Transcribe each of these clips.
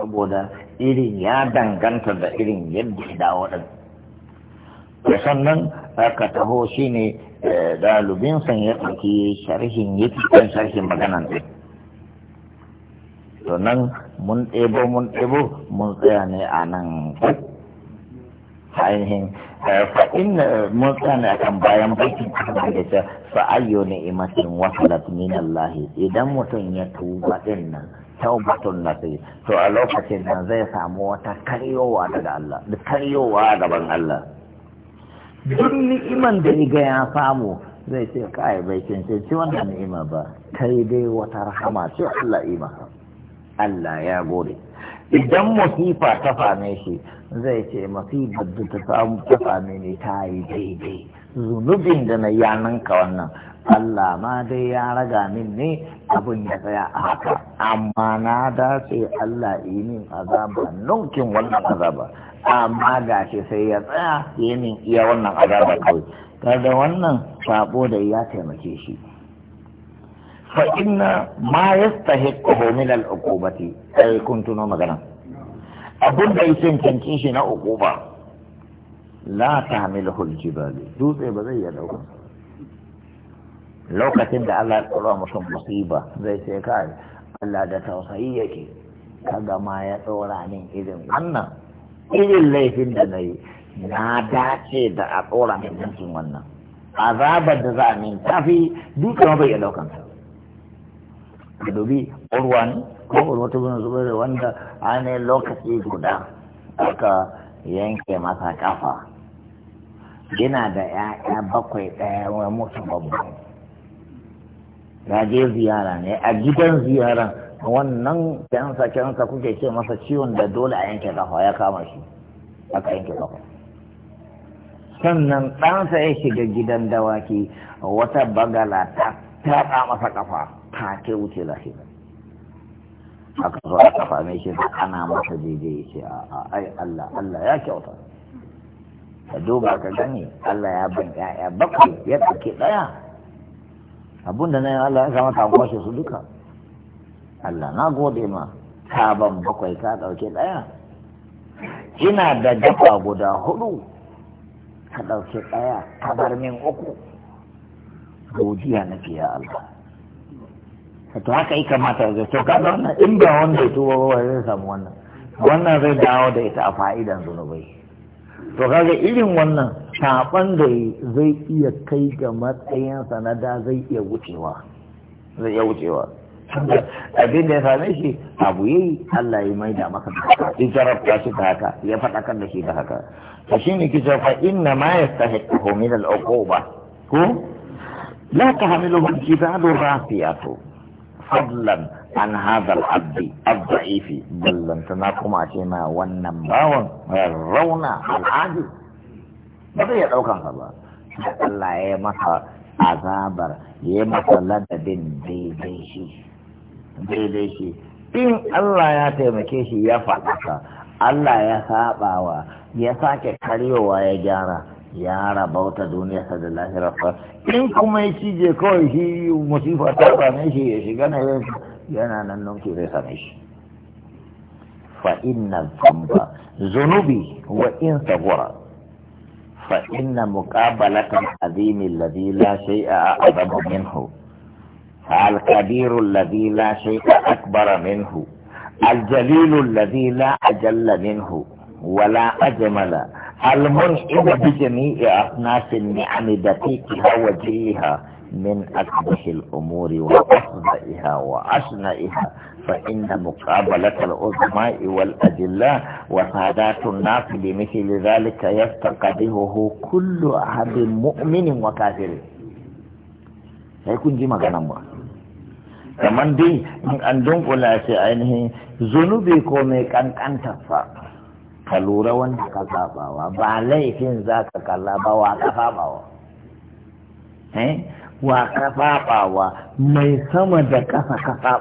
saboda irin ya danganta da irin yadda ya dawo ɗin sannan aka taho shi ne ɗalibinsa eh, ya ɗauki sharhin ya kan sharhin maganan ɗin to nan mun ɗebo mun ɗebo mun tsaya ne a nan ainihin eh, fa'in mun tsaya ne akan bayan bakin kasar da ta fa'ayyo ne imatin wasu min Allah idan mutum ya tuba ɗin nan taubatun nasi to a lokacin nan zai samu wata karyowa daga Allah da karyowa gaban Allah duk ni'iman da iga ya samu zai ce kai bai cancanci wannan ni'ima ba kai dai wata rahama ce Allah yi masa Allah ya gode idan masifa ta same shi zai ce masifar da ta samu ta same ni ta yi daidai zunubin da na ka wannan Allah ma dai ya raga min ne abin ya tsaya a haka amma na dace Allah yi min azaba nunkin wannan azaba amma gashi sai ya tsaya yi min iya wannan azaba kawai kada wannan sabo da ya taimake shi fa inna ma yastahiqu min al-uqubati ai kun magana abun da yake cancin shi na uquba la tahmiluhu al-jibal dutse ba zai ya dauka lokacin da Allah ya tsoro mutum musiba zai ce kai Allah da tausayi yake kaga ma ya tsora min irin wannan irin laifin da nayi na dace da a tsora min cikin wannan azabar da za a min tafi duka bai ya daukan ka dubi urwan ko urwatu bin da wanda a ne lokaci guda aka yanke masa kafa yana da 'ya'ya bakwai ɗaya wani musu babban Na je ziyara ne a gidan ziyaran wannan kyansa kyansa kuke ce masa ciwon da dole a yanke kafa ya kama shi aka yanke kafa sannan ɗansa ya shiga gidan dawaki wata bagala ta taɗa masa kafa ta ke wuce lafiya aka zo kafa mai shi da ana masa daidai ya ce a ai Allah Allah ya kyauta ka duba ka gani Allah ya bin 'ya'ya bakwai ya ɗauki ɗaya abinda na yin Allah ya zama an kwashe su duka Allah na gode ma ka bakwai ka ɗauke ɗaya ina da dafa guda hudu ka ɗauke ɗaya ka bar min uku godiya na fiye Allah to haka yi kamata ga to ka wannan inda wanda ya tuba ba zai samu wannan wannan zai dawo da ita a fa'idan zunubai to kaga irin wannan saɓon da zai iya kai ga matsayinsa na da zai iya wucewa zai iya wucewa abin da ya same shi abu yi Allah ya maida maka da haka ya jarabta shi da haka ya faɗakar da shi da haka to shi ne kisa fa inna ma yastahiqu min al-uquba ko la tahmiluhu al-jibalu rafiyatu fadlan an hada al-abd al-da'if ballan kuma a ce ma wannan bawan rauna al-ajiz ba zai ya ɗaukan ka ba Allah ya masa azabar ya masa ladabin daidai shi daidai shi in Allah ya taimake shi ya faɗaka Allah ya saɓawa ya sake karyowa ya gyara ya rabauta duniyarsa da fa in kuma ya cije kawai shi musifa ta same shi ya shiga na yana nan nunki zai same shi fa inna zamba zunubi wa in sagura فإن مقابلة العظيم الذي لا شيء أعظم منه فالكبير الذي لا شيء أكبر منه الجليل الذي لا أجل منه ولا أجمل المرشد بجميع أصناف النعم دقيقها وجلها من أقبح الأمور وأفضائها وأشنائها فإن مقابلة العظماء والأدلة وسادات الناس بمثل ذلك يستقبحه كل أحد مؤمن وكافر هيكون جي مغنم kaman dai an dunkula shi ainihin zunubi ko mai kankantarsa ka lura wanda ka zabawa ba laifin za ka kalla ba wa ka bawa eh wa ka mai sama da ƙasa ka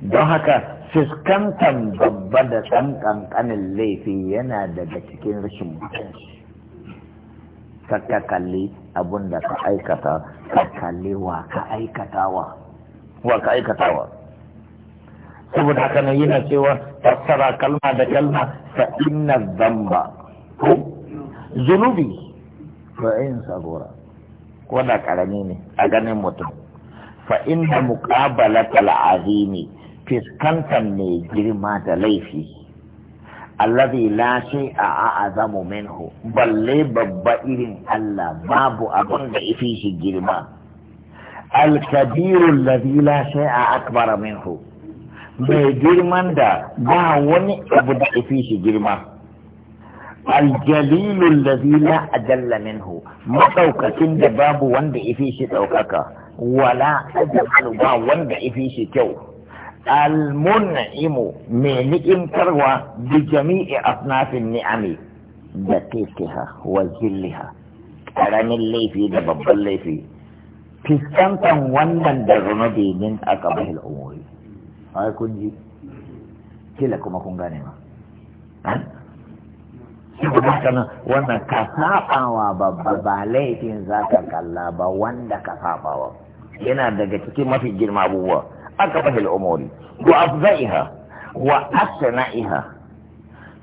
don haka fuskantar babba da ɗan ƙanƙanin laifi yana daga cikin rashin mutunci ka kalli abun da ka aikata ka kalli wa ka aikatawa wa ka aikatawa saboda haka ne yana cewa fassara kalma da kalma fa inna zamba zunubi fa in sabura ko da karami ne a ganin mutum fa inda muqabalata al'azimi fiskantar mai girma da laifi allazi la shay'a a'zamu minhu balle babba irin Allah babu abun da ifi shi girma al-kabiru allazi la shay'a akbara minhu mai girman da ba wani abu da ifi shi girma الجليل الذي لا أدل منه كند باب وند إفيش توقعك ولا أدل با وند إفيش كو المنعم من نئم تروى بجميع أصناف النعم دقيقها وزلها كرم الليفي دبب في في وندا درمدي من أقبه الأمور هاي كنجي كلكم أكون غانما haka wannan ka sabawa babba ba laifin za ka kalla ba wanda ka sabawa yana daga cikin mafi girma abubuwa aka bahi al'umuri wa afzaiha wa asna'iha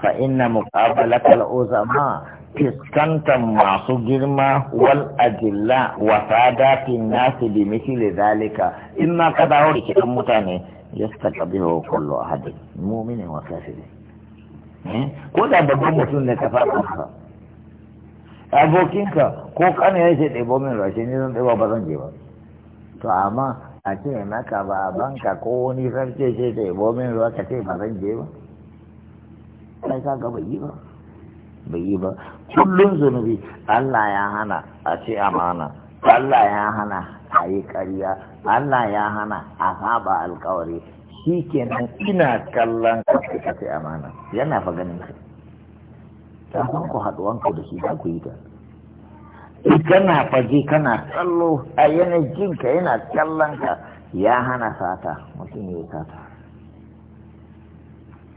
fa inna muqabalata al'uzama fiskantar masu girma wal ajilla wa sadatin nasu bi misli zalika in ma ka dawo rikitan mutane yastaqbihu kullu ahadin mu'minin wa kafirin Eh? ko da babban mutum ne ka faɗa abokinka ko kana ya ce ɗebo min rashe ne zan ɗebo ba zan je ba to amma a ce naka ba a banka ko wani sarki ce ɗebo min ruwa ka ce ba zan je ba kai ka ga bai yi ba bai yi ba kullum zunubi Allah ya hana a ce amana Allah ya hana a yi ƙarya Allah ya hana a saba alƙawari. shi kenan ina kallon ka ce amana yana fa ganin ka ta san ku ka da shi ba ku yi ta kana faje kana tsallo a yanayin ka yana kallon ka ya hana sata mutum ya sata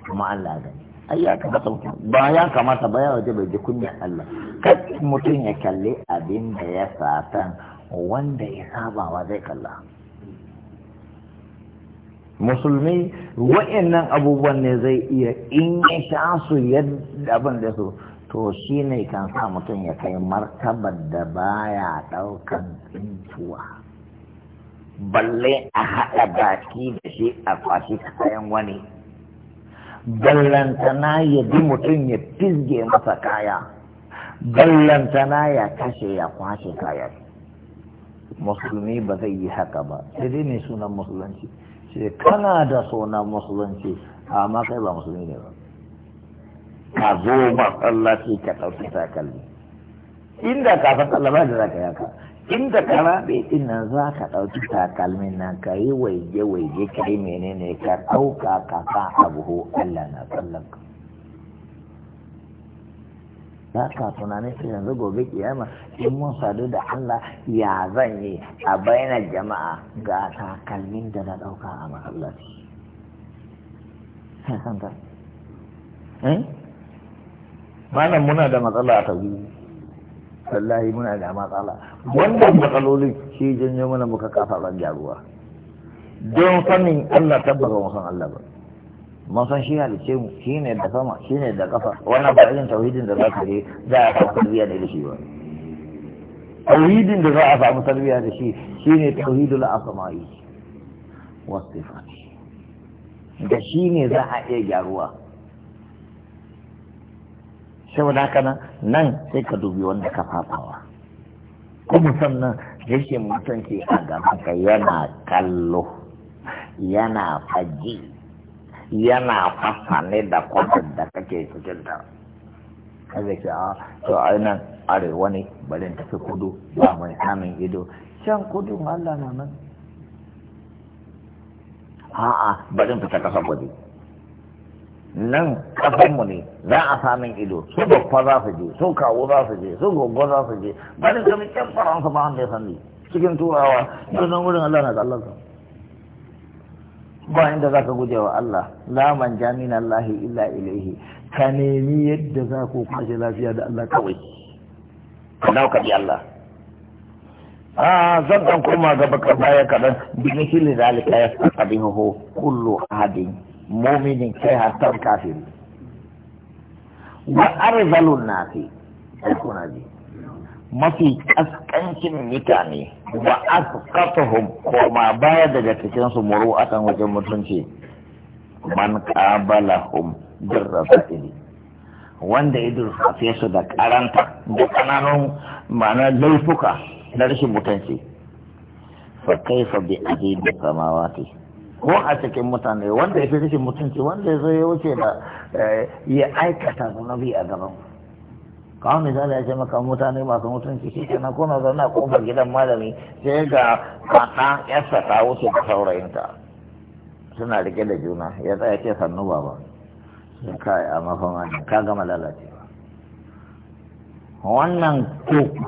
kuma Allah gani ai ya mutum. ba ya kamata ba ya waje bai ji kunya Allah kai mutum ya kalli abin da ya satan wanda ya sabawa zai kalla musulmi wa'annan abubuwan ne zai iya in ya sha su yadda abin da su to shi ne kan sa mutum ya kai martabar da baya ɗaukan tsintuwa balle a haɗa baki da shi a kwashi kayan wani ballantana ya bi mutum ya fizge masa kaya ballantana ya kashe ya kwashe kaya musulmi ba zai yi haka ba sai dai ne sunan musulunci ce kana da suna musulunci amma kai ba musulmi ne ba ka zo Allah ce ka ɗauki takalmi inda ka san Allah ba da zaka yaka inda ka rabe din nan za ka ɗauki takalmin nan ka yi waige waige kai menene ka ɗauka ka ka abu Allah na tsallaka. ba ka tunanin shi yanzu gobe kiyama in mun sadu da Allah ya zan yi a bainar jama'a ga takalmin da na ɗauka a masallaci eh? malam muna da matsala a tauhidi sallahi muna da matsala Wanda matsalolin shi janyo mana muka kafa ban jaruwa don sanin Allah tabbaka wasan san Allah ba mun san shi halice mu shi ne da sama shi ne da kafa wannan ba irin tauhidin da za ka je za a samu tarbiyya da shi ba tauhidin da za a samu tarbiyya da shi shi ne tauhidul asma'i wa sifati da shi ne za a iya gyaruwa saboda haka nan nan sai ka dubi wanda ka fafawa kuma sannan rashin mutunci a gaban ka yana kallo yana faji yana fasa ne da kwanan da kake cikin ta kaza ke a ah, to a nan arewa ne bari tafi kudu ba mai samun ido can kudu Allah na nan a'a bari in fita kasa kudu nan kafinmu ne za a samun ido su babba za su je su kawo za su je su gogo za su je bari in kami can faransa ba wanda ya sani cikin turawa yanzu wurin Allah na da Allah ba inda za ka gujewa Allah laman man jamin Allah illa ilaihi ka nemi yadda za ku kwashe lafiya da Allah kawai ka bi Allah a zan dan koma gaba ka baya kaɗan bin hili zalika ya saka bihu kullu hadin mu'minin kai hasan kafiri wa arzalun nasi sai kuna ji mafi kaskancin mutane ba wa kafa koma baya daga cikin su kan wajen mutunci man qabalahum birrafaili wanda ya durfafe su da karanta da kananun ma'ana laifuka na rashin mutunci fa kaifa bi azibi samawati ko a cikin mutane wanda ya fi rashin mutunci wanda ya zo ya wuce da eh, ya aikata zunubi a gaban kawo misali ya ce maka mutane masu mutunci shi ke nan kuna zaune a kofar gidan malami sai ga kaɗa yarsa ta wuce da saurayinta suna rike da juna ya tsaya ce sannu baba sun kai a mafama ne ka gama lalace wannan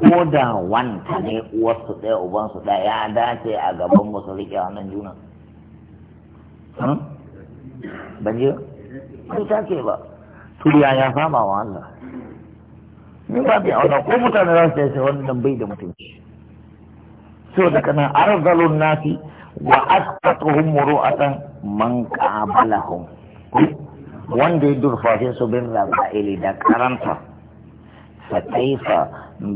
ko da wanta ne uwarsu ɗaya ubansu ɗaya ya dace a gaban musu rike wannan juna hmm? ban je ko ta ke ba turiya ya fama wa Allah min ba da auna ko mutane za su yi wannan bai da mutunci so da kana arzalun nasi wa asqatuhum muru'atan man qabalahum wanda ya durfafe su bin rafaili da karanta fa kaifa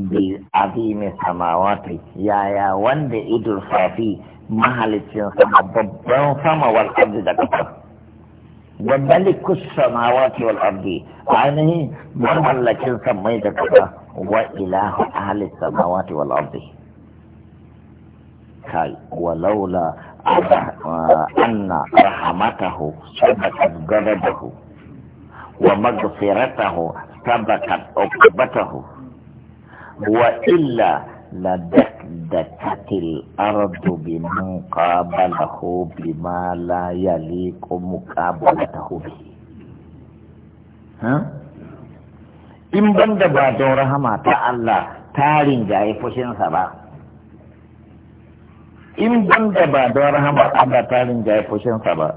bi azimi samawati yaya wanda ya durfafi mahalicin sama babban sama wal ardi da kafa وملك السماوات والأرض يعني مملكين سميت كذا وإله أهل السماوات والأرض كاي ولولا أن رحمته سبقت غضبه ومغفرته سبقت عقبته وإلا لدكدكت الأرض بمن قابله بما لا يليق مقابلته به ها in ban da ba don rahama ta Allah tarin jaye fushinsa ba in ban da ba don rahama Allah tarin jaye fushinsa ba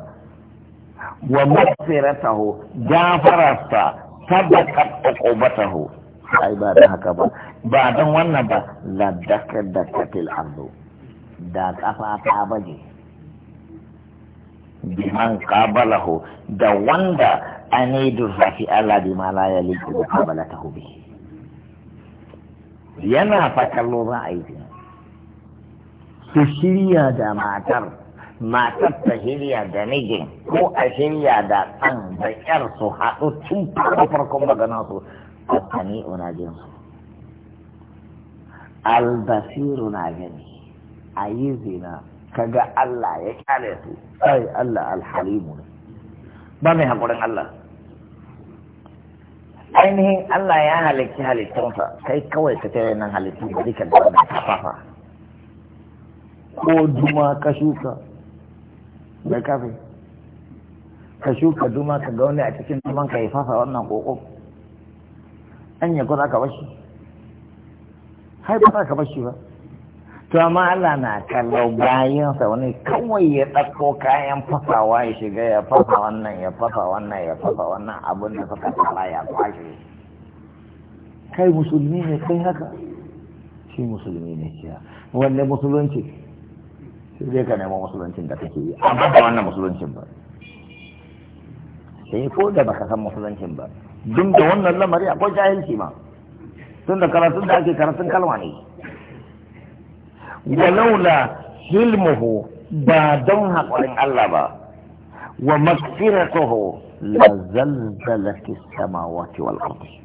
wa mafiratahu gafararsa sabaqat uqubatahu ai ba da haka ba ba don wannan ba la da katil ardu da kafa ta baje biman qabalahu da wanda anidu rafi Allah bi ma la yaliku bi qabalatahu bi yana fakallo ba a yi su shirya da matar matar ta shirya da mijin ko a shirya da ɗan da ƴar su haɗu tun farko farkon magana su السميع ناجم البصير ناجم أيزنا كجا الله يكاليه أي ne ba بامي hakuri Allah. ainihin Allah ya halicci halittunsa kai kawai ka tare nan halittu da duka da wannan kafafa ko duma ka shuka da kafe ka shuka duma ka ga wani a cikin duman ka yi fafa wannan koko. an yi kuna ka bashi har ba ka bashi ba to amma Allah na kallo bayansa wani kawai ya ɗauko kayan fasawa ya shiga ya fasa wannan ya fasa wannan ya fasa wannan abin da suka tsara ya kwashe kai musulmi ne kai haka shi musulmi ne shi wanne musulunci sai dai ka nemo musuluncin da kake yi amma ba wannan musuluncin ba sai ko da baka san musuluncin ba duk da wannan lamari akwai jahilci ma tun da karatun da ake karatun kalma ne walaula hilmuhu ba don haƙurin Allah ba wa maghfiratuhu la zalzalati samawati wal ardi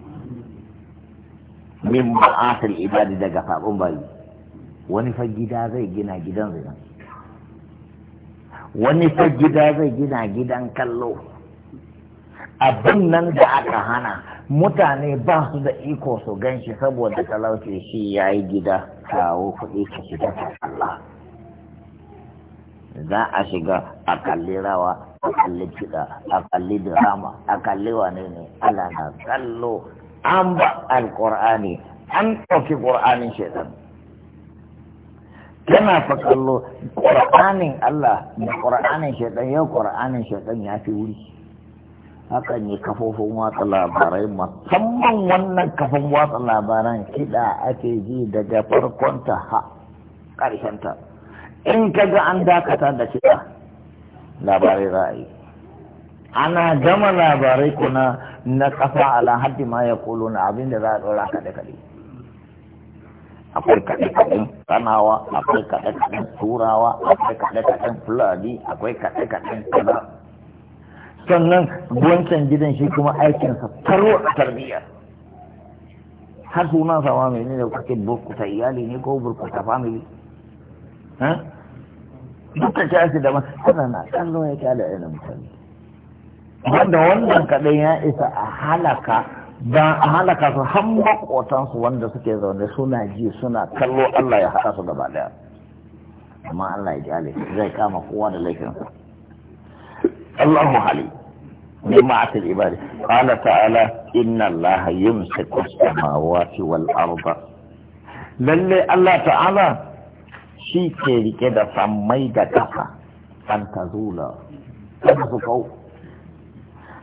min ma'asil ibadi daga faɓin bayi wani fa gida zai gina gidan zina wani fa gida zai gina gidan kallo abin nan da aka hana mutane ba su da iko su gan shi saboda talauci shi ya yi gida kawo kuɗi ka shiga ta Allah za a shiga a kalli rawa a kalli kiɗa a kalli drama a kalli wane ne Allah na kallo an ba alƙur'ani an ɗauki ƙur'anin shaitan yana fa kallo ƙur'anin Allah da ƙur'anin shaitan yau ƙur'anin shaitan ya fi wuri hakan ne kafofin watsa labarai musamman wannan kafin watsa labaran kiɗa ake ji daga farkonta ha ƙarshenta in ka ga an dakata da kiɗa labarai za ana gama labarai kuna na kafa ala haddi ma ya na abin da za a ɗora kaɗe-kaɗe akwai kaɗe kaɗe kanawa akwai kaɗe kaɗe turawa akwai kaɗe kaɗe fulani akwai kaɗe kaɗe kaza sannan wancan gidan shi kuma aikinsa taro a tarbiyya har na sama mai ne da kake burkuta iyali ne ko burkuta family duka shafi da tana na kallon ya kyale irin mutane wanda wannan kaɗai ya isa a halaka ba a halaka su har makotansu wanda suke zaune suna ji suna kallo Allah ya haɗa su gaba ɗaya amma Allah ya kyale zai kama kowa da laifinsa الله عليم جماعة العبادة قال تعالى إن الله يمسك السماوات والأرض للي الله تعالى شيء كذا كده سميد كفا أن تزول كده سكو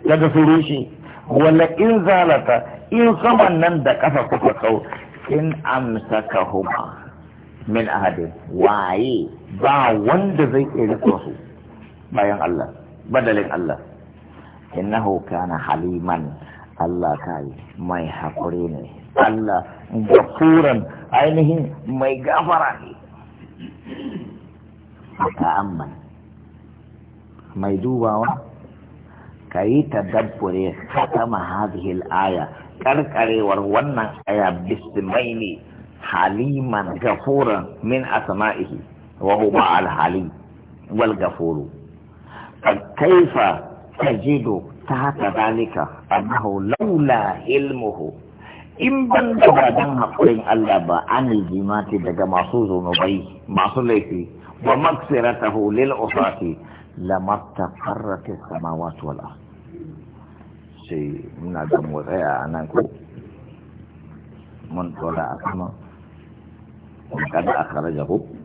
كده سروشي ولئن زالت إن سمن نند كفا سكو إن أمسكهما من أهدي واي باوند زي زي إيه باين الله badalin Allah innahu kana haliman Allah kai mai haƙuri ne Allah gafuran ainihin mai gafara ne haka amman mai dubawa ka yi tadabbure khatama hadhihi al-aya karkarewar wannan aya bismaini haliman gafuran min asma'ihi wa huwa al-halim wal gafuru كيف تجد تحت ذلك أنه لولا علمه in ban da ba don haƙurin Allah ba an aljimati daga masu zunubai masu laifi wa maksirata hulil usati lamatta farrata samawati wal ard sai muna da mu a nan ko mun tsora a sama kada a karaja ko